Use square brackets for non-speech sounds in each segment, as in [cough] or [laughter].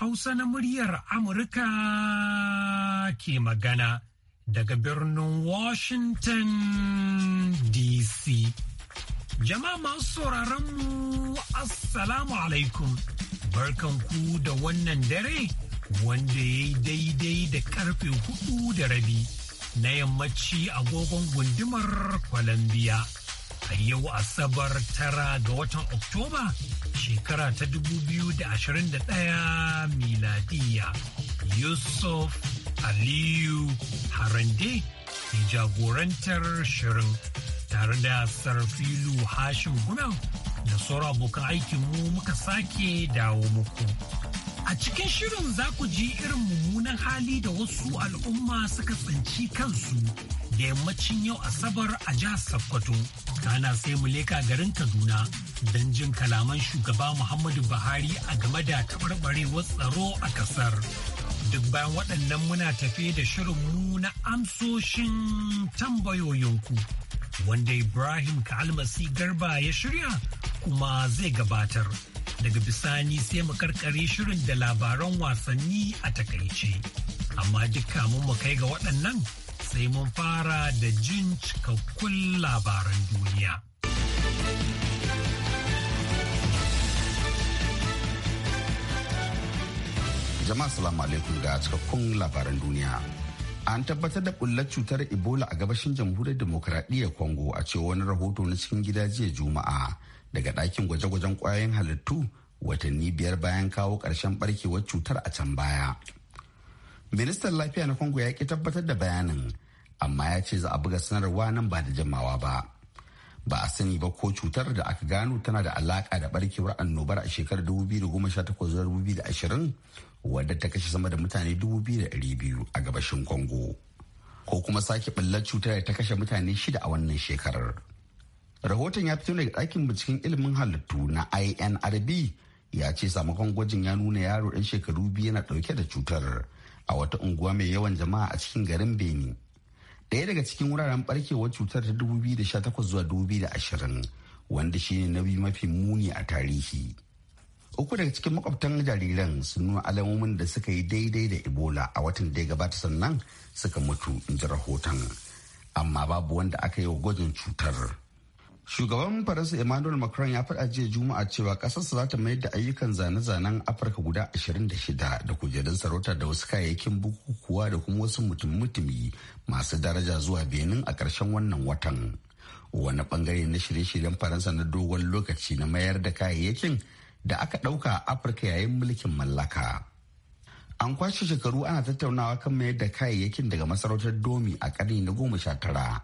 Hausa na muryar Amurka ke magana daga birnin Washington DC. Jama'a masu mu Assalamu alaikum, barkanku da wannan dare wanda ya yi daidai da karfe hudu da rabi na yammaci agogon gundumar Colombia. a yau Asabar tara ga watan Oktoba shekara ta 2021 miladiya. Yusuf Aliyu Harande ke jagorantar shirin tare da Sarfilu Hashim guna da sauran abokan aikin mu muka sake dawo muku. A cikin shirin za ku ji irin mummunan hali da wasu al'umma suka tsinci kansu. da yammacin yau Asabar a jihar Sokoto. Kana sai mu leka garin Kaduna don jin kalaman shugaba Muhammadu Buhari a game da tabarbarewar tsaro a ƙasar. Duk bayan waɗannan muna tafe da shirin mu na amsoshin tambayoyinku wanda Ibrahim Kalmasi Garba ya shirya kuma zai gabatar. Daga bisani sai mu karkare shirin da labaran wasanni a takaice. Amma duk kamun mu kai ga waɗannan sai mun fara da jin cikakkun labaran duniya. Jama'a salamu alaikum ga cikakkun labaran duniya. An tabbatar da kullar cutar Ebola a gabashin jamhuriyar demokuraɗiyyar Congo a cewa wani rahoto na cikin gida jiya Juma'a daga ɗakin gwaje-gwajen kwayoyin halittu watanni biyar bayan kawo ƙarshen barkewar cutar a can baya. Ministan lafiya na Congo ya ki tabbatar da bayanin amma ya ce za a buga sanarwa nan ba da jimawa ba ba a sani ba ko cutar da aka gano tana da alaka da barkewar annobar a shekarar 2018-2020 wadda ta kashe sama da mutane 2,200 a gabashin congo ko kuma sake ɓallar cutar da ta kashe mutane shida a wannan shekarar rahoton ya fito daga ɗakin binciken ilimin halittu na inrb ya ce samakon gwajin ya nuna yaro ɗan shekaru biyu yana ɗauke da cutar a wata unguwa mai yawan jama'a a cikin garin benin Daya daga cikin wuraren barkewar cutar ta 2018 zuwa 2020 wanda shine na biyu mafi muni a tarihi. Uku daga cikin makwabtan jariran sun nuna alamomin da suka yi daidai da Ebola a watan da ya gabata sannan suka mutu in ji rahoton. Amma babu wanda aka yi wa gwajin cutar. Shugaban Faransa Emmanuel Macron ya faɗa jiya Juma'a cewa ƙasarsa za ta mayar da ayyukan zane-zanen Afirka guda 26 da kujerun sarauta da wasu kayayyakin bukukuwa da kuma wasu mutum-mutumi masu daraja zuwa Benin a ƙarshen wannan watan. Wani bangare na shirye-shiryen Faransa na dogon lokaci na mayar da kayayyakin da aka ɗauka a Afirka yayin mulkin mallaka. An kwashe shekaru ana tattaunawa kan mayar da kayayyakin daga masarautar Domi a ƙarni na goma sha tara.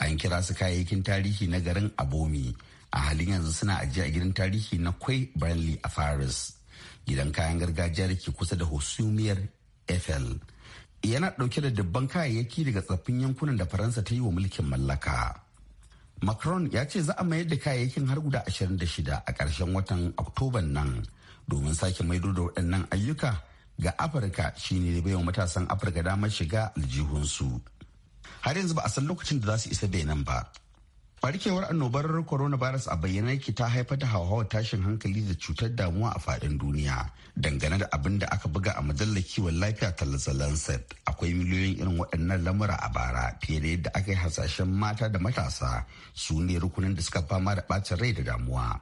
an kira su kayayyakin tarihi na garin abomi a halin yanzu suna ajiye a gidan tarihi na kwai burnley a faris gidan kayan gargajiya da ke kusa da hosumiyar eiffel yana dauke da dubban kayayyaki daga tsaffin yankunan da faransa ta yi wa mulkin mallaka macron ya ce za a mayar da kayayyakin har guda 26 a ƙarshen watan oktoban nan domin sake maido da waɗannan ayyuka ga afirka shine da baiwa matasan afirka damar shiga aljihunsu. har yanzu ba a san lokacin da za su isa benin ba barkewar annobar coronavirus a bayyana yake ta haifar da hauhawar tashin hankali da cutar damuwa a fadin duniya dangane da abin da aka buga a mujallar kiwon lafiya ta lancet akwai miliyoyin irin waɗannan lamura a bara fiye da yadda aka yi hasashen mata da matasa su ne rukunin da suka fama da ɓacin rai da damuwa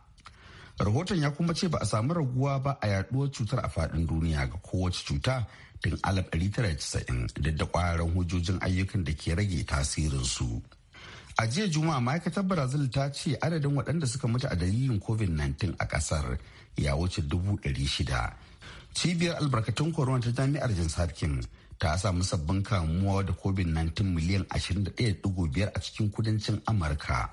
rahoton ya kuma ce ba a samu raguwa ba a yaduwar cutar a fadin duniya ga kowace cuta tun 1990 duk da ƙwararren hujjojin ayyukan da ke rage tasirinsu. A jiya Juma'a ma'aikatar Brazil ta ce adadin waɗanda suka mutu a dalilin COVID-19 a ƙasar ya wuce dubu ɗari shida. Cibiyar albarkatun corona ta jami'ar Jins Harkin ta samu sabbin kamuwa da COVID-19 miliyan biyar a cikin kudancin Amurka.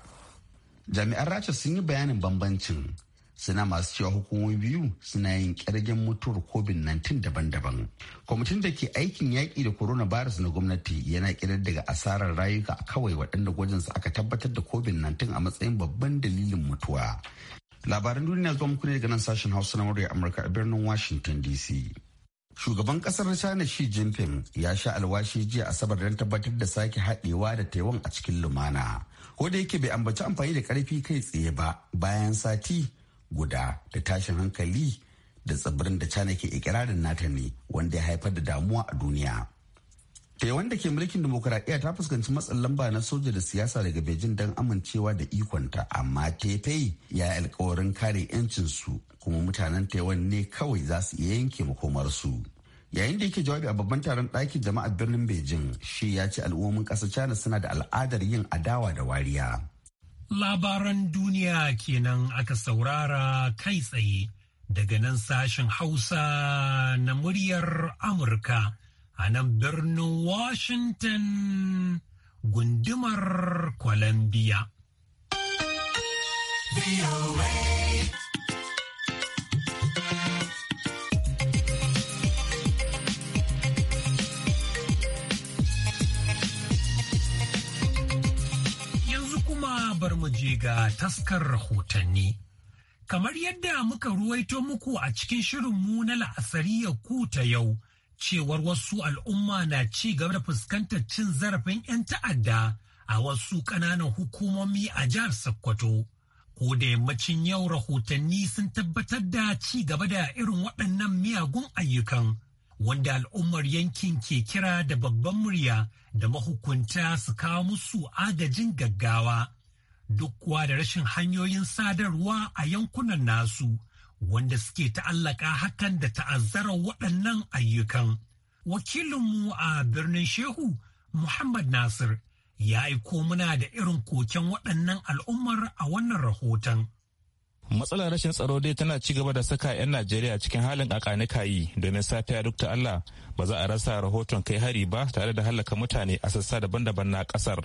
Jami'an Rasha sun yi bayanin bambancin suna masu cewa hukumomi biyu suna yin kirgin mutuwar covid-19 daban-daban kwamitin da ke aikin yaƙi da coronavirus na gwamnati yana kirar daga asarar rayuka kawai waɗanda gwajinsu aka tabbatar da covid-19 a matsayin babban dalilin mutuwa labaran duniya zuwa muku ne daga nan sashen hausa na murya amurka a birnin washington dc shugaban kasar china shi jinping ya sha alwashi jiya asabar don tabbatar da sake haɗewa da taiwan a cikin lumana ko da yake bai ambaci amfani da karfi kai tsaye ba bayan sati guda da tashin hankali da tsibirin da Cana ke ikirarin nata ne wanda ya haifar da damuwa a duniya. Taiwan da ke mulkin demokuraɗiyya ta fuskanci matsin lamba na soja da siyasa daga Bejin don amincewa da ikonta amma Taipei ya yi alkawarin kare 'yancinsu kuma mutanen Taiwan ne kawai za su iya yanke makomarsu. Yayin da yake jawabi a babban taron ɗakin jama'ar birnin Beijing shi ya ce al'ummomin ƙasar China suna da al'adar yin adawa da wariya. Labaran duniya kenan aka saurara kai tsaye daga nan sashen Hausa na muryar Amurka a nan birnin Washington gundumar Columbia. bar mu je ga taskar rahotanni. Kamar yadda muka ruwaito muku a cikin shirin mu na la'asariya ku ta yau, cewar wasu al'umma na ci gaba da fuskantar cin zarafin 'yan ta'adda a wasu ƙananan hukumomi a jihar Sokoto. Ko da yammacin yau rahotanni sun tabbatar da ci gaba da irin waɗannan miyagun ayyukan, wanda al'ummar yankin ke kira da babban murya da mahukunta su kawo musu agajin gaggawa. duk da rashin hanyoyin sadarwa a yankunan nasu wanda suke ta'allaka hakan da ta'azzara waɗannan ayyukan. Wakilinmu a birnin Shehu Muhammad Nasir ya aiko muna da irin koken waɗannan al'ummar a wannan rahoton. matsalar rashin tsaro dai tana ci gaba da saka 'yan najeriya cikin halin akanikayi domin safiya duk ta allah ba za a rasa rahoton kai hari ba tare da halaka mutane a sassa daban-daban na kasar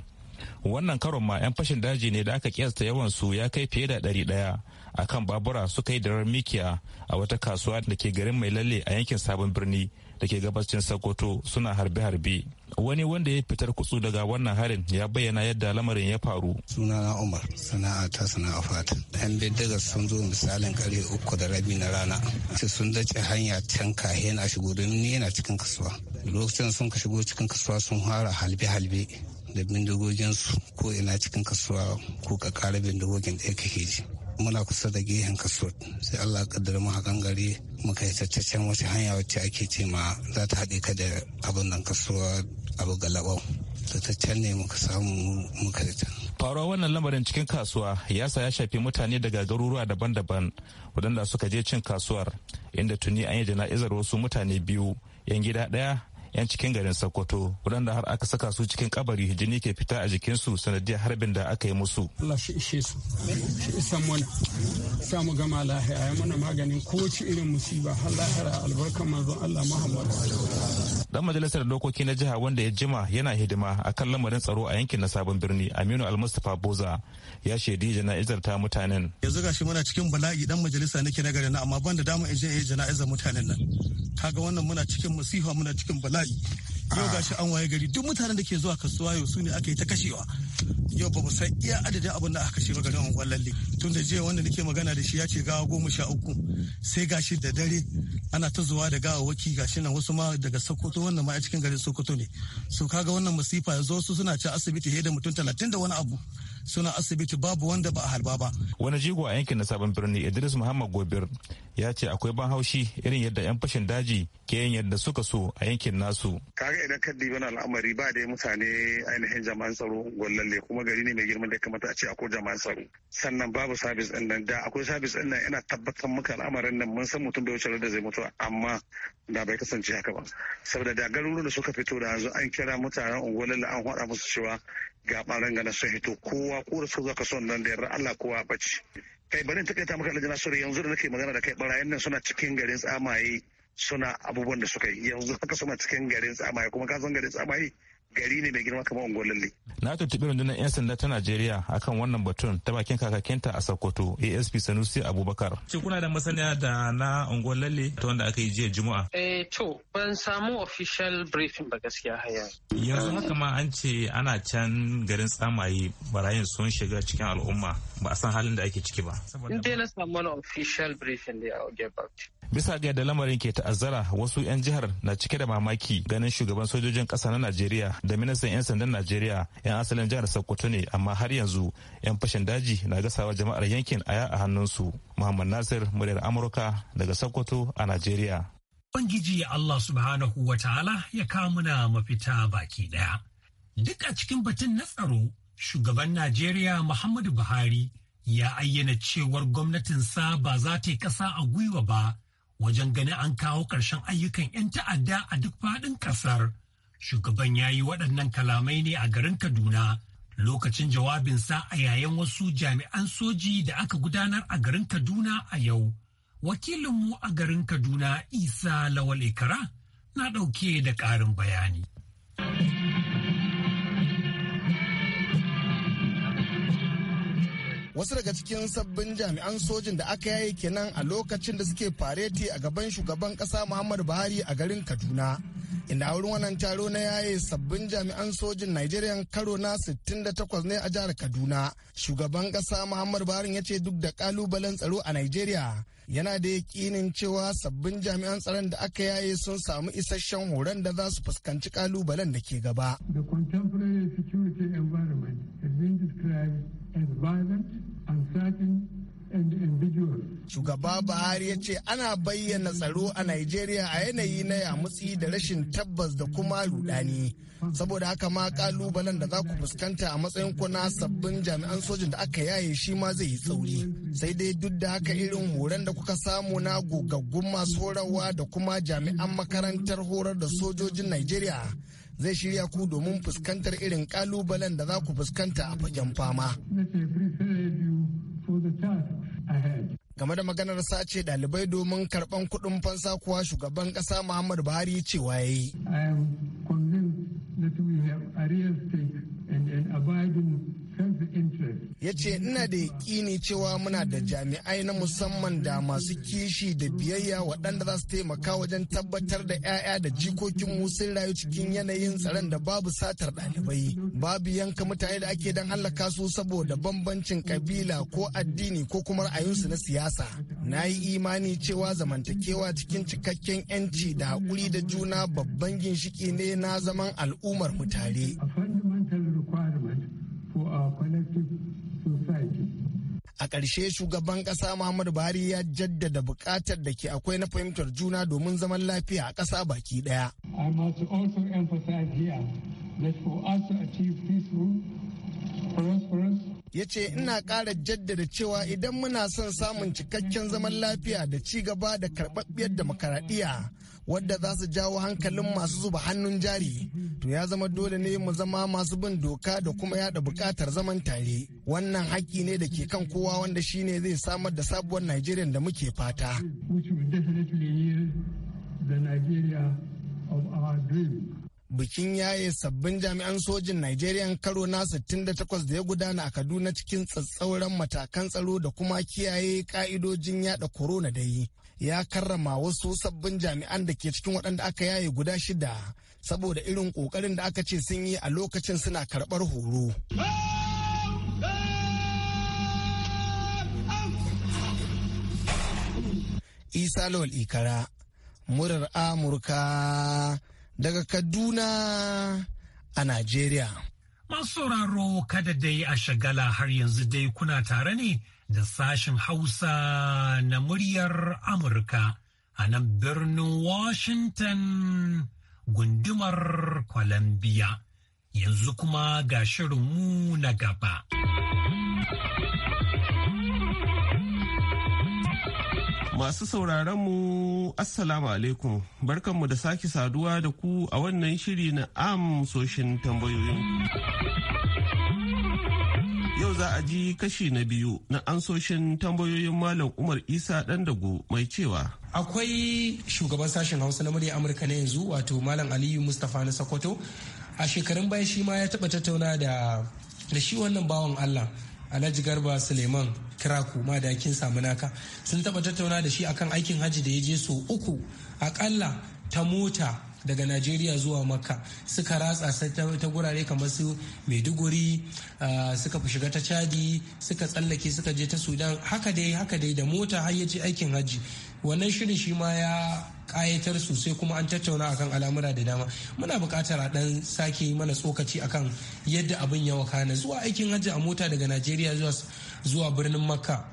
wannan karon ma 'yan fashin daji ne da aka kiyasta yawan su ya kai fiye da ɗari ɗaya kan babura suka yi darar mikiya a wata kasuwa da ke garin mai lalle a yankin sabon birni da ke gabashin sokoto suna harbe-harbe wani wanda ya fitar kutsu daga wannan harin ya bayyana yadda lamarin ya faru sunana umar sana'a ta sana'a fata yan bindiga sun zo misalin kare uku da rabi na rana sai sun dace hanya can kahe na shigo domin ni yana cikin kasuwa lokacin sun ka shigo cikin kasuwa sun fara halbe-halbe da bindigoginsu ko ina cikin kasuwa ko ka kara bindigogin ɗaya kake ji muna kusa da gehen kaso sai Allah ya kaddara mu hakan gari muka yi tattacen wata hanya wacce ake ce ma za ta haɗe ka da abin nan kasuwa abu galabau tattacen ne muka samu muka yi faruwa wannan lamarin cikin kasuwa ya sa ya shafi mutane daga garuruwa daban-daban waɗanda suka je cin kasuwar inda tuni an yi jana'izar wasu mutane biyu yan gida ɗaya 'yan cikin garin sokoto waɗanda har aka saka su cikin kabari jini ke fita a jikinsu sanadiyar harbin da aka yi musu allah shi ishe su shi isan mana sa mu gama lahiya ya mana maganin kowace irin musiba har lahira albarkan manzo allah muhammad dan majalisar dokoki na jiha wanda ya jima yana hidima a kan lamarin tsaro a yankin na sabon birni aminu almustapha boza ya shaidi jana'izar ta mutanen yanzu gashi muna cikin bala'i dan majalisa nake na garin amma ban da dama in je jana'izar mutanen nan kaga wannan muna cikin masifa muna cikin bala'i bala'i yau gashi an waye gari duk mutanen da ke zuwa kasuwa yau su ne aka yi ta kashewa yau ba mu san iya adadin abin da aka kashe ba garin unguwar lalle tun da jiya wanda nake magana da shi ya ce gawa goma sha uku sai gashi da dare ana ta zuwa da waki gashi nan wasu ma daga sokoto wannan ma a cikin garin sokoto ne so kaga wannan masifa yanzu wasu suna ci asibiti da mutum talatin da wani abu suna asibiti babu wanda ba a halba ba. Wani jigo a yankin na sabon birni Idris Muhammad Gobir ya ce akwai ban haushi irin yadda 'yan fashin daji ke yin yadda suka so a yankin nasu. Kaga idan ka dibi na al'amari ba da mutane ainihin jama'an tsaro gwallalle kuma gari ne mai girman da kamata a ce akwai jama'an tsaro. Sannan babu sabis ɗin nan da akwai sabis ɗin nan yana tabbatar maka al'amarin nan mun san mutum bai wuce da zai mutu amma da bai kasance haka ba. Saboda da garuruwan da suka fito da yanzu an kira mutanen unguwar an haɗa musu cewa ga ɓaran su sun hito kowa ko da su zaka son nan da yarda Allah kowa bace kai bari in takaita maka alhaji sura yanzu da nake magana da kai barayen nan suna cikin garin tsamaye suna abubuwan da suka yi yanzu haka suna cikin garin tsamaye kuma ka san garin tsamaye gari ne mai girma kamar unguwar lalle. na tuntuɓi rundunar 'yan sanda ta najeriya akan wannan batun ta bakin kakakinta a sokoto asp sanusi abubakar shi kuna da masaniya da na unguwar lalle ta wanda aka yi jiya juma'a eh to ban samu official briefing ba gaskiya haya yanzu haka ma an ce ana can garin tsamaye barayin sun shiga cikin al'umma ba a san halin da ake ciki ba in dai na samu wani official briefing da ya get bisa ga yadda lamarin ke ta'azzara wasu 'yan jihar na cike da mamaki ganin shugaban sojojin ƙasa na najeriya da ministan 'yan sandan najeriya 'yan asalin jihar sokoto ne amma har yanzu 'yan fashin daji na gasawa jama'ar yankin aya a hannunsu muhammad nasir muryar amurka daga sokoto a najeriya ubangiji allah subhanahu wa ta'ala ya kamuna mafita baki daya duk a cikin batun na tsaro shugaban najeriya muhammadu buhari ya ayyana cewar gwamnatinsa ba za ta yi ƙasa a gwiwa ba wajen ganin an kawo ƙarshen ayyukan 'yan ta'adda a duk faɗin ƙasar. Shugaban ya yi waɗannan kalamai ne a garin Kaduna lokacin jawabinsa a yayin wasu jami'an soji da aka gudanar a garin Kaduna a yau. Wakilinmu a garin Kaduna Isa Lawal Ikara na ɗauke da ƙarin bayani. wasu daga cikin sabbin jami'an sojin da aka yaye kenan a lokacin da suke fareti a gaban shugaban kasa muhammadu buhari a garin kaduna inda wurin wannan taro na yaye sabbin jami'an sojin nigerian karo na 68 ne a jihar kaduna shugaban kasa muhammadu buhari ya ce duk da kalubalen tsaro a nigeria yana da yakinin cewa sabbin jami'an tsaron da aka yaye sun samu isasshen horon da za su fuskanci kalubalen da ke gaba. The contemporary security environment has been described as violent, uncertain, Shugaba Buhari ya ce ana bayyana tsaro a Najeriya a yanayi na yamutsi da rashin tabbas da kuma rudani. Saboda haka ma kalubalen da za ku fuskanta a matsayin ku na sabbin jami'an sojin da aka yaye shi ma zai yi tsauri. Sai dai duk da haka irin horon da kuka samu na gogaggun masu horarwa da kuma jami'an makarantar horar da sojojin Najeriya. zai shirya ku domin fuskantar irin kalubalen da za ku fuskanta a fagen fama. for the task ahead. game da maganar sace ɗalibai domin karɓar kuɗin fansa kuwa shugaban ƙasa muhammadu buhari cewa ya yi. i am convinced that we have a real stake in, in abiding ya ce ina da yaƙini cewa muna da jami'ai na musamman da masu kishi da biyayya waɗanda za su taimaka wajen tabbatar da 'ya'ya da jikokin mu rayu cikin yanayin tsaron da babu satar ɗalibai babu yanka mutane da ake don hallaka su saboda bambancin kabila ko addini ko kuma ra'ayinsu na siyasa na yi imani cewa zamantakewa cikin cikakken 'yanci da haƙuri da juna babban ginshiki ne na zaman al'ummar mu tare ƙarshe shugaban ƙasa Muhammadu Buhari ya jaddada buƙatar da ke akwai na fahimtar juna domin zaman lafiya a ƙasa baki ɗaya. I must also emphasize here that for us to achieve peaceful, prosperous, ya ce ina ƙara jaddada cewa idan muna son samun cikakken zaman lafiya da ci gaba da karɓaɓɓiyar demokaradiyya wadda za su jawo hankalin masu zuba hannun jari to ya zama dole ne mu zama masu bin doka da kuma yada bukatar zaman tare wannan haƙƙi ne da ke kan kowa wanda shine zai samar da sabuwar nigeria da muke fata bikin yaye sabbin jami'an sojin Nigerian karo na 68 da ya gudana a Kaduna cikin tsatsauran matakan tsaro da kuma kiyaye ka'idojin yada korona da yi. ya karrama wasu sabbin jami'an da ke cikin waɗanda aka yaye guda shida saboda irin ƙoƙarin da aka ce sun yi a lokacin suna karɓar horo. Isa Lawal Ikara, murar Amurka daga Kaduna a Najeriya. Masu sauraro kada dai a shagala har yanzu dai kuna tare ne da sashen Hausa na muryar Amurka a nan birnin Washington gundumar Columbia. Yanzu kuma ga shirinmu na gaba. Masu sauraron mu Assalamu alaikum, barkanmu da sake saduwa da ku a wannan shiri na amsoshin tambayoyin. Yau za a ji kashi na biyu na ansoshin tambayoyin Malam Umar Isa dago mai cewa. Akwai shugaban sashen Hausa na murya Amurka na yanzu wato Malam Aliyu Mustapha na Sokoto. A shekarun baya shi ma ya taɓa tattauna da da shi wannan bawan Allah Alhaji Garba Suleiman Kiraku madakin naka sun taɓa tattauna da shi akan aikin hajji da ya je so uku akalla ta mota daga najeriya zuwa makka suka ratsa ta gurare kamar su maiduguri ah, suka fi shiga ta chadi suka tsallake suka je ta sudan haka dai haka dai da mota har ya aikin hajji wannan shirin shi ma ya kayatar sosai kuma an tattauna akan al'amura da dama muna bukatar a dan sake mana tsokaci akan yadda abin ya wakana zuwa aikin hajji a mota daga najeriya zuwa birnin makka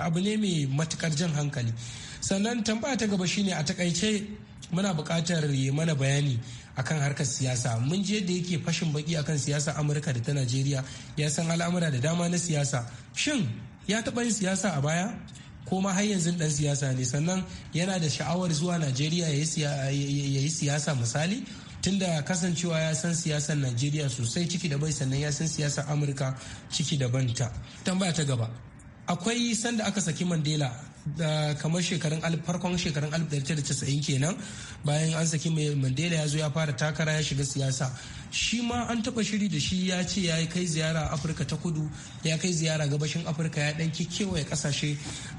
abu ne mai matukar jan hankali sannan tambaya ta gaba shine a takaice muna buƙatar ya mana bayani akan harkar siyasa mun je da yake fashin baki akan siyasa amurka da ta najeriya ya san al'amura da dama na siyasa shin ya taɓa yin siyasa a baya ko ma har yanzu dan siyasa ne sannan yana da sha'awar zuwa najeriya ya yi siyasa misali tunda kasancewa ya san siyasar najeriya sosai ciki da bai sannan ya san siyasar amurka ciki da banta tambaya ta gaba akwai sanda aka saki mandela da kamar shekarun farkon shekarun 1990 kenan bayan an saki mai mandela ya zo ya fara takara ya shiga siyasa shi ma an taba shiri da shi ya ce ya kai ziyara afirka ta kudu ya kai ziyara gabashin afirka ya dan kewaye kasashe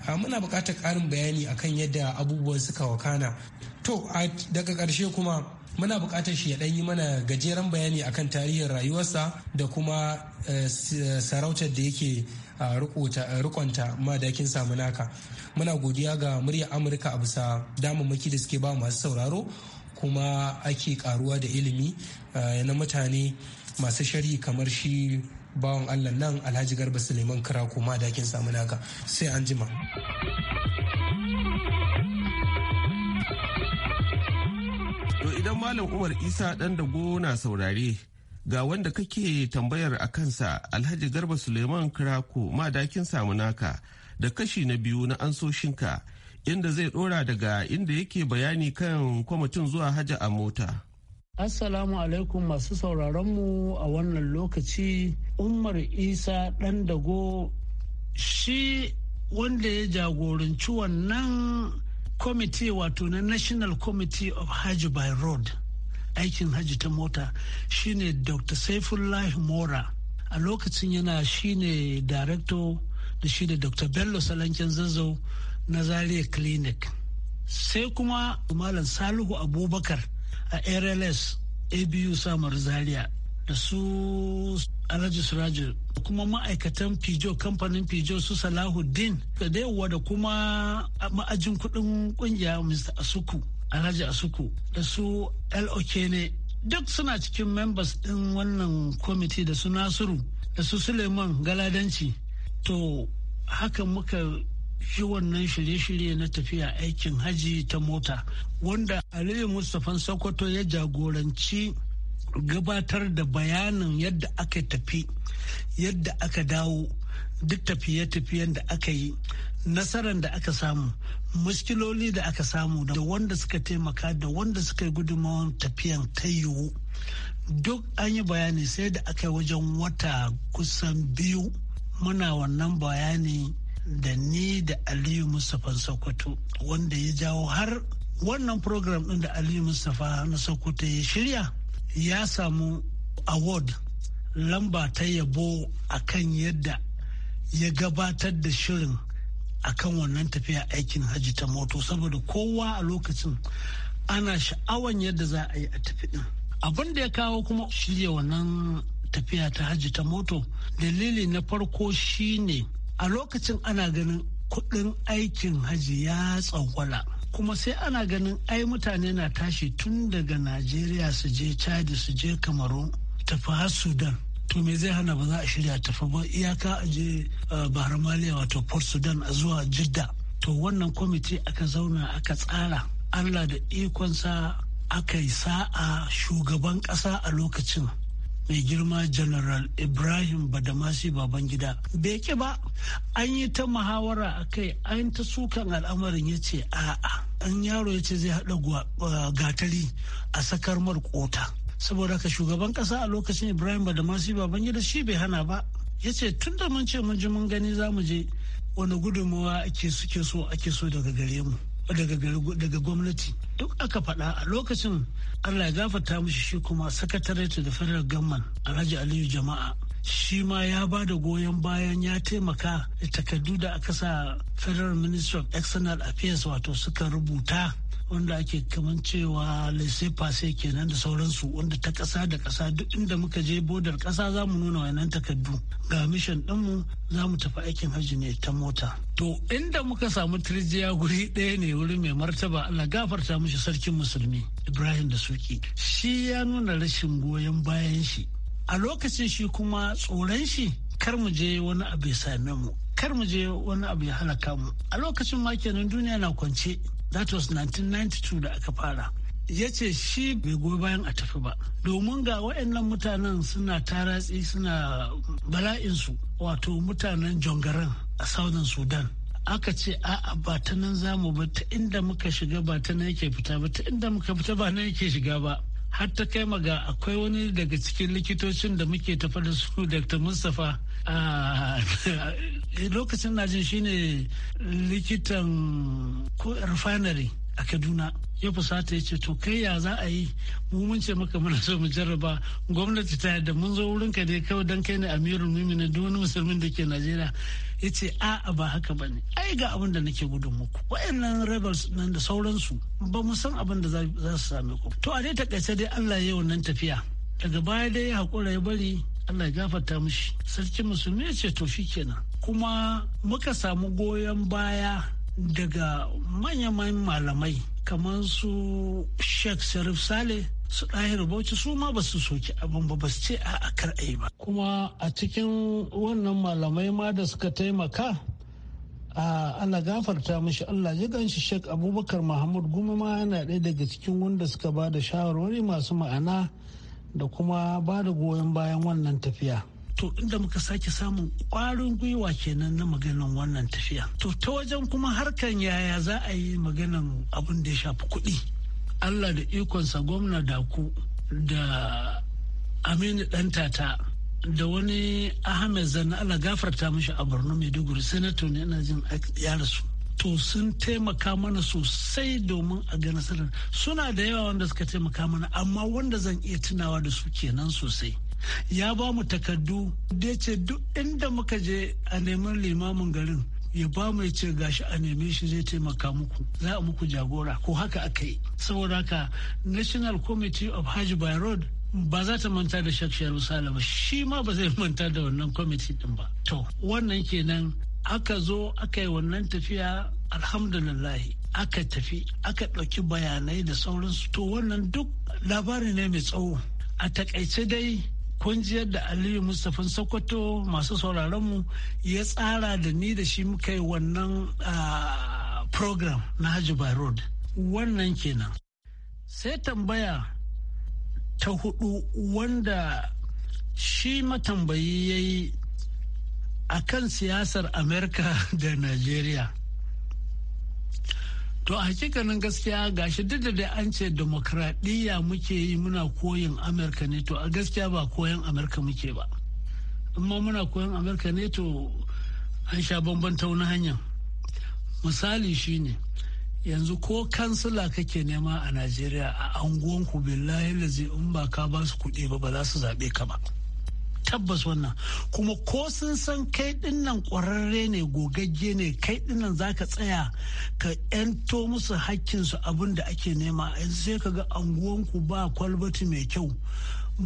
ah, muna buƙatar ƙarin bayani akan yadda abubuwan suka wakana to daga karshe kuma muna buƙatar shi ya ɗan yi mana gajeren bayani akan tarihin rayuwarsa da kuma eh, eh, sarautar da yake rikonta madakin samunaka muna godiya ga muryar amurka a bisa damammaki da suke ba masu sauraro kuma ake karuwa da ilimi na mutane masu shari'i kamar shi bawan allah nan alhaji garba suleiman kira ko madakin samunaka sai an jima. idan Malam Umar Isa ɗan dago na saurare ga wanda kake tambayar a kansa Alhaji Garba Suleiman Kirako madakin samu naka da kashi na biyu na ansoshinka inda zai ɗora daga inda yake bayani kan kwamitin zuwa hajji a mota. Assalamu alaikum masu sauraronmu a wannan lokaci Umar Isa ɗan dago shi wanda ya jagoranci wannan kwamiti wato na national committee of hajji by road aikin hajji ta mota shine dr saifullahi mora a lokacin yana shine director da shi da dr bello salanken zazzau na zaria clinic sai kuma malam salihu abubakar a rls abu samar zaria da su alhaji surajir kuma ma'aikatan pijo kamfanin pijo su salahuddin da dayawa da kuma ma'ajin kudin kungiya mr asuku alhaji asuku da su lok ne duk suna cikin members din wannan kwamiti da su nasiru da su suleiman galadanci to hakan muka yi wannan shirye-shirye na tafiya aikin haji ta mota wanda aliyu mustapha sokoto ya jagoranci gabatar da bayanin yadda aka tafi yadda aka dawo duk tafiye-tafiyen da aka yi nasarar da aka samu muskiloli da aka samu da wanda suka taimaka da wanda suka yi gudunmawar tafiyan ta yiwu duk an yi bayani sai da aka yi wajen wata kusan biyu muna wannan bayani da ni da aliyu mustapha sokoto wanda ya jawo har wannan program ɗin da aliyu mustapha na sokoto ya shirya ya samu award lamba ta yabo a kan yadda ya gabatar da shirin a kan wannan tafiya aikin hajji ta moto saboda kowa a lokacin ana sha'awan yadda za a yi a tafi din abin da ya kawo kuma shirya wannan tafiya ta hajji ta moto dalili na farko shine a lokacin ana ganin kudin aikin hajji ya tsawwala kuma sai ana ganin ai mutane na tashi tun daga najeriya su je chad su je tafahar tafi har sudan to me zai hana ba za a shirya tafi ba iyaka a je uh, bahar maliya wato port sudan a zuwa jidda to wannan kwamiti aka zauna aka tsara allah da ikonsa aka yi sa'a shugaban ƙasa a lokacin mai girma general ibrahim badamasi babangida bai ke ba an yi ta muhawara a kai an ta sukan al'amarin ya ce a'a an yaro ya ce zai haɗa uh, gatari a sakar mar kota saboda ka shugaban ƙasa a lokacin ibrahim badamasi babangida shi bai hana ba ya ce tun da mun ce mun ji mun gani za mu je wani gudunmawa ake suke so ake so daga gare mu daga gwamnati duk aka faɗa a lokacin allah ya gafarta mushi shi kuma sakatareta da federal gamman alhaji aliyu jama'a shi ma ya ba da goyon bayan ya taimaka da takardu da aka sa federal minister of external affairs wato suka rubuta wanda ake kaman cewa laissez-passer kenan da sauransu wanda ta kasa da kasa duk inda muka je bodar kasa za mu nuna wannan takardu ga mishan ɗinmu za mu tafi aikin hajji ne ta mota to inda muka samu turjiya guri ɗaya ne wuri mai martaba Allah gafarta mishi sarkin musulmi Ibrahim da Suki shi ya nuna rashin goyon bayan shi a lokacin shi kuma tsoron shi kar mu je wani abu ya same mu kar mu je wani abu ya halaka mu a lokacin ma kenan duniya na kwance that was 1992 da aka fara ya ce shi bai goyi bayan a tafi ba domin ga waɗannan mutanen suna taratsi suna bala'insu wato mutanen jongaran a southern sudan aka ce a'a ba ta nan zamu ba ta inda muka shiga ba ta nan yake fita ba ta inda muka fita ba nan yake shiga ba har ta kai maga akwai wani daga cikin likitocin da muke tafa da su dr mustapha Ah, [laughs] lokacin na jin shine likitan ko refinery a kaduna ya fusata ya ce to kai ya za a yi mun ce maka muna so mu jarraba gwamnati ta yadda mun zo wurin ka ne kawai dan kai ne amirul muminin duk wani musulmin da ke najeriya ya ce a'a ba haka ba ne ai ga abin da nake gudun muku wayannan rebels nan da sauransu ba mu san abin da za su same ku to a dai takaice dai allah ya yi tafiya daga baya dai ya haƙura ya bari Allah ya gafarta mishi sarkin musulmi ya ce to shi kenan kuma muka samu goyon baya daga manyan malamai kamar su sheikh sharif sale su ɗahir bauchi su ma ba su soki abin ba ba su ce a kar ba kuma a cikin wannan malamai ma da suka taimaka a Allah gafarta mashi Allah ya ganshi Sheikh Abubakar Muhammad Guma ma yana ɗaya daga cikin wanda suka ba da shawarwari masu ma'ana da kuma ba da goyon bayan wannan tafiya. to inda muka sake samun kwarin gwiwa kenan na maganan wannan tafiya to ta wajen kuma harkan yaya za a yi maganan abin da ya shafi kuɗi allah da ikonsa gwamna daku da aminu ɗantata da wani ahmed zanna allah gafarta mashi a borno maiduguri sanato ne ina jin ya rasu to sun taimaka mana sosai domin a ga nasarar suna da yawa wanda suka taimaka mana amma wanda zan iya tunawa da su kenan sosai ya ba mu takardu da ce duk inda muka je a neman limamin garin ya ba mu ce gashi a neme shi zai taimaka muku za a muku jagora ko haka aka yi saboda haka national committee of hajj by road ba za ta manta da shakshiyar misali ba shi ma ba zai manta da wannan kwamiti din ba to wannan kenan aka zo aka yi wannan tafiya alhamdulillahi aka tafi aka ɗauki bayanai da sauransu to wannan duk labari ne mai tsawo a takaice dai kunjiyar da aliyu mustapha sokoto masu sauraron mu ya tsara da ni da shi muka yi wannan program na hajji road wannan kenan sai tambaya ta hudu wanda shi matambayi ya yi a kan siyasar amerika [laughs] da nigeria to a hakikanin gaskiya gashi duk da dai an ce demokradiyya muke yi muna koyin amurka ne to a gaskiya ba koyan amurka muke ba amma muna koyan amurka ne to an sha bamban ta wani hanya misali shine yanzu ko kansila kake nema a najeriya a anguwanku billahi lazi in ba ka ba su kuɗi ba ba za su zaɓe ka ba tabbas wannan kuma ko sun san kai dinnan kwararre ne gogagge ne kai dinnan za ka tsaya ka yanto musu hakkinsu abin da ake nema a sai ka ga anguwanku ba kwalbati mai kyau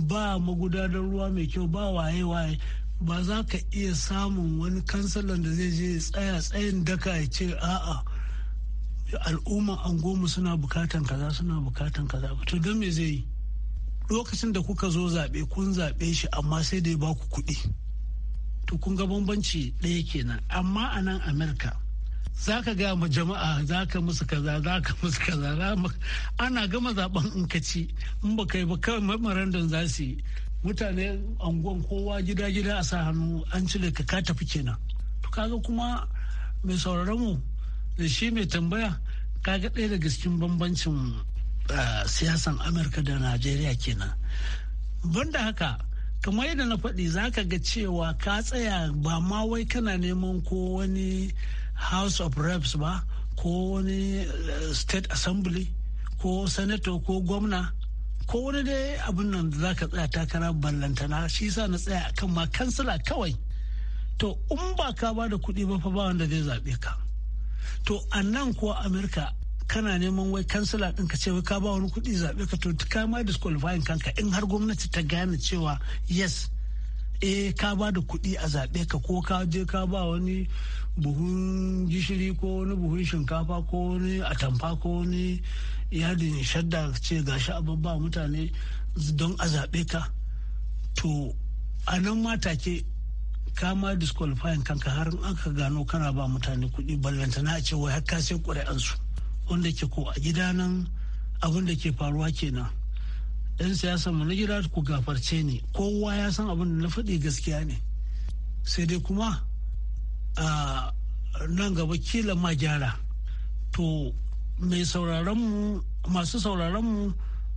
ba magudanar ruwa mai kyau ba waye-waye ba za ka iya samun wani kansalan da zai je tsaya tsayin daka ya ce a'a al'umma unguwarmu suna bukatan kaza suna bukatan kaza to don me zai yi lokacin da kuka zo zaɓe kun zaɓe shi amma sai da ya ba ku kuɗi to kun ga bambanci ɗaya kenan amma a nan amerika za ka gaya ma jama'a za ka musu kaza za ka [laughs] musu kaza [laughs] ana gama zaben in ka ci in ba kai ba kawai memorandum za su yi mutane anguwan kowa gida gida a sa hannu an cire ka ka tafi kenan to kaga kuma mai sauraron mu da shi mai tambaya kaga ɗaya daga cikin bambancin siyasan amurka da najeriya kenan ban da haka kamar yadda na faɗi za ka ga cewa ka tsaya ba ma wai kana neman ko wani house of reps ba ko wani eh, state assembly ko senator ko gwamna ko wani dai abin nan da za ka tsaya takara ballantana shi sa na tsaya kan ma kansila kawai to in ba ka ba da kuɗi ba fa ba wanda zai zaɓe ka to a nan kuwa amurka kana neman wai kansila din ka ce wai ka ba wani kuɗi zaɓe ka to ka ma disqualifying kanka in har gwamnati ta gane cewa yes eh ka ba da kuɗi a zaɓe ka ko ka je ka ba wani buhun gishiri ko wani buhun shinkafa ko wani atamfa ko wani yadin shadda ce gashi abin ba mutane don a zaɓe ka to a nan mata ke ka ma disqualifying kanka har an ka gano kana ba mutane kuɗi ballantana a ce wai har ka sai ƙuri'ansu wanda ke ko a gida nan abin da ke faruwa kenan yan siyasa mu na gida ku gafarce ne kowa ya san abin da na faɗi gaskiya ne sai dai kuma a nan gaba kila ma gyara to mai sauraronmu masu sauraronmu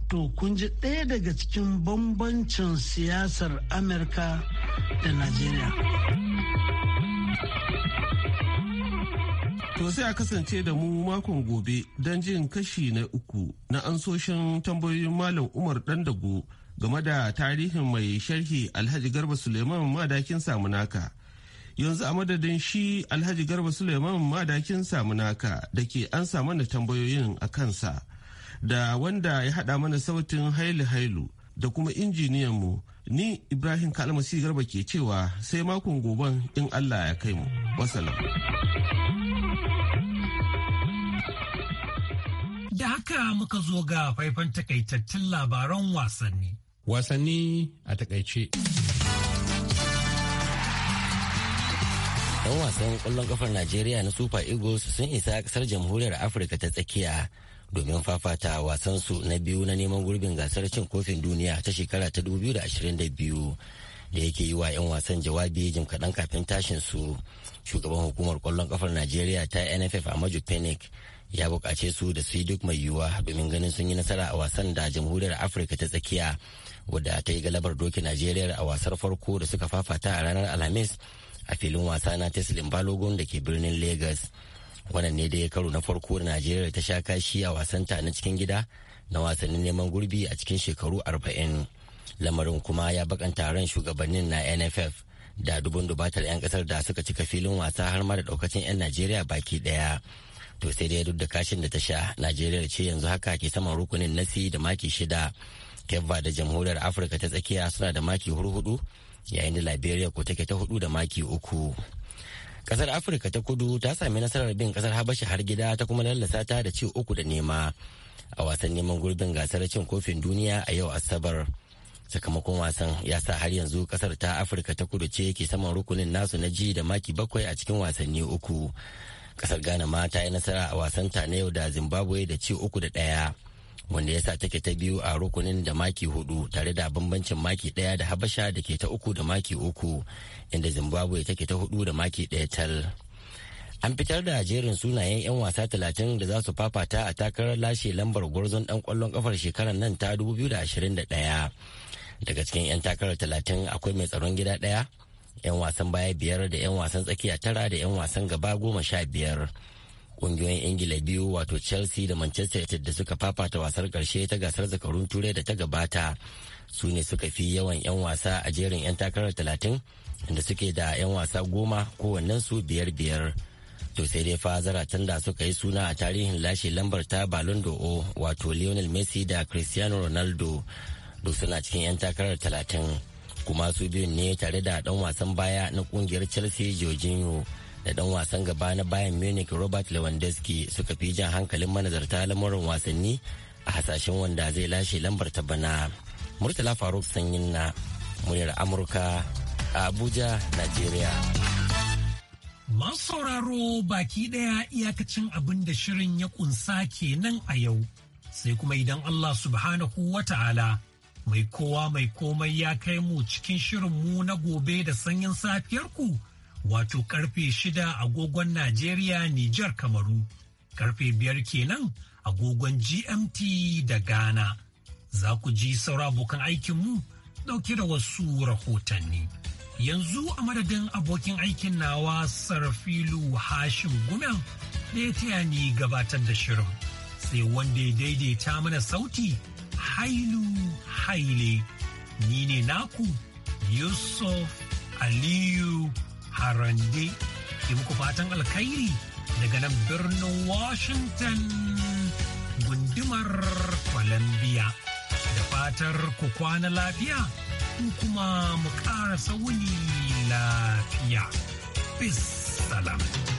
to kun ji ɗaya daga cikin bambancin siyasar amurka da najeriya To sai a kasance da mu makon gobe don jin kashi na uku na ansoshin tambayoyin Malam Umar Dandago game da tarihin mai sharhi Alhaji Garba Suleiman Madakin Samunaka. Yanzu a madadin shi Alhaji Garba Suleiman Madakin Samunaka da ke an samu da tambayoyin a kansa da wanda ya haɗa mana sautin hailu hailu da kuma mu ni Ibrahim Kalmasi Garba ke cewa sai makon goben in Allah ya kai mu. Wasalam. Da haka muka zo ga faifan takaitattun labaran wasanni. Wasanni a takaice. 'yan wasan kwallon kafar najeriya na super eagles sun isa kasar jamhuriyar afirka ta tsakiya domin fafata wasan su na biyu na neman gurbin gasar cin kofin duniya ta shekara ta 2022 da yake yi wa 'yan wasan jawabi jim kaɗan kafin tashin su shugaban hukumar kwallon kafar najeriya ta nff amaju penic ya buƙace su da su duk mai yiwuwa domin ganin sun yi nasara a wasan da jamhuriyar afirka ta tsakiya wadda ta yi galabar doki najeriya a wasar farko da suka fafata a ranar alhamis a filin wasa na teslim balogun da ke birnin lagos wannan ne dai karo na farko da najeriya ta sha kashi a wasanta na cikin gida na wasannin neman gurbi a cikin shekaru arba'in lamarin kuma ya bakanta ran shugabannin na nff da dubun dubatar 'yan kasar da suka cika filin wasa har ma da daukacin 'yan najeriya baki daya to sai dai duk da kashin da ta sha najeriya ce yanzu haka ke saman rukunin nasi da maki shida kebba da jamhuriyar afirka ta tsakiya suna da maki hurhudu yayin da liberia ko take ta hudu da maki uku kasar afirka ta kudu ta sami nasarar bin kasar habashi har gida ta kuma lallasa ta da ci uku da nema a wasan neman gurbin gasar cin kofin duniya a yau asabar sakamakon wasan ya sa har yanzu kasar ta afirka ta kudu ce ke saman rukunin nasu na ji da maki bakwai a cikin wasanni uku kasar ghana ma ta yi nasara a wasan ta na yau da zimbabwe da ci uku da ɗaya wanda ya sa take ta biyu a rukunin da maki hudu tare da bambancin maki daya da habasha da ke ta uku da maki uku inda zimbabwe take ta hudu da maki daya tal an fitar da jerin sunayen 'yan wasa talatin da za su fafata a takarar lashe lambar gwarzon dan kwallon kafar shekarar nan ta 2021 daga cikin 'yan takarar talatin akwai mai tsaron gida daya 'yan wasan baya biyar da 'yan wasan tsakiya tara da 'yan wasan gaba goma sha biyar ƙungiyoyin ingila biyu wato chelsea da manchester united da suka fafata wasar karshe ta gasar zakarun turai da ta gabata su ne suka fi yawan 'yan wasa a jerin 'yan takarar talatin inda suke da 'yan wasa goma su biyar biyar to sai dai fa zaratan da suka yi suna a tarihin lashe lambar ta Ballon d'Or wato Lionel Messi da Cristiano Ronaldo duk suna cikin 'yan takarar talatin. kuma su biyun ne tare da dan wasan baya na kungiyar chelsea jorginho da dan wasan gaba na bayan munich robert lewandowski suka fi jan hankalin manazarta lamurin wasanni a hasashen wanda zai lashe lambar ta bana murtala faruk sanyin na muryar amurka a abuja nigeria masu sauraro baki daya iyakacin abin da shirin ya kunsa kenan a yau sai kuma idan allah subhanahu wa ta'ala mai kowa mai komai ya kai mu cikin shirin mu na gobe da sanyin safiyarku wato karfe shida agogon Najeriya Nijar Kamaru, karfe biyar kenan agogon GMT da Ghana. Za ku ji saura abokan aikinmu ɗauke da wasu rahotanni. Yanzu a madadin abokin aikin nawa Sarfilu Hashim gumen da ya taya ni gabatar da shirin. Sai wanda ya daidaita mana sauti. hailu haile ni ne naku yusuf aliyu harande ke muku fatan alkhairi daga nan birnin washington gundumar columbia da fatar ku kwana lafiya ku kuma mu ƙara sauni lafiya peace salam.